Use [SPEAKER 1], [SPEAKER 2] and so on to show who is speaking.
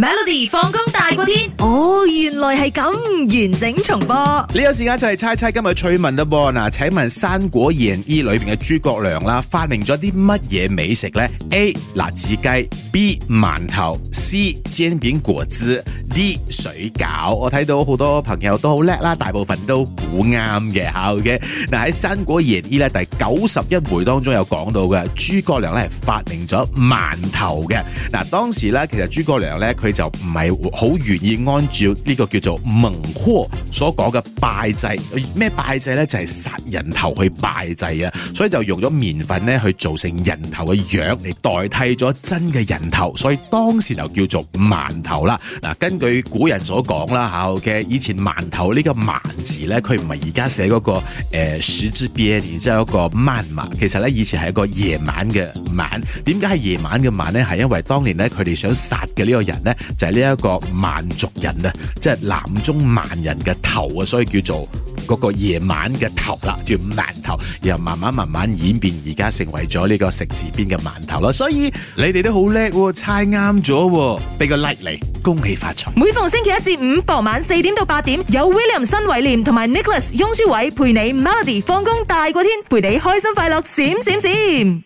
[SPEAKER 1] Melody 放工大過天，哦，原來係咁，完整重播。
[SPEAKER 2] 呢個時間就係猜猜今日趣聞啦噃，嗱，請問《三國演義》裏邊嘅諸葛亮啦，發明咗啲乜嘢美食咧？A 辣子雞。B 饅頭、C 煎餅果子、D 水餃，我睇到好多朋友都好叻啦，大部分都好啱嘅，好嘅。嗱，喺《三國演義》咧第九十一回當中有講到嘅，諸葛亮咧係發明咗饅頭嘅。嗱，當時咧其實諸葛亮咧佢就唔係好願意按照呢個叫做孟獲所講嘅拜祭，咩拜祭咧就係、是、殺人頭去拜祭啊，所以就用咗麵粉咧去做成人頭嘅樣嚟代替咗真嘅人。頭，所以當時就叫做饅頭啦。嗱，根據古人所講啦吓，嘅以前饅頭呢個饅字咧，佢唔係而家寫嗰個誒豎字邊，然之後一個萬嘛。其實咧以前係一個夜晚嘅晚。點解係夜晚嘅晚咧？係因為當年咧佢哋想殺嘅呢個人咧，就係呢一個蠻族人啊，即係南中蠻人嘅頭啊，所以叫做。嗰個夜晚嘅頭啦，叫饅頭，然後慢慢慢慢演變而家成為咗呢個食字邊嘅饅頭啦，所以你哋都好叻喎，猜啱咗，俾個 like 嚟，恭喜發財！
[SPEAKER 1] 每逢星期一至五傍晚四點到八點，有 William 新偉廉同埋 Nicholas 雍舒偉陪你 Melody 放工大過天，陪你開心快樂閃閃閃。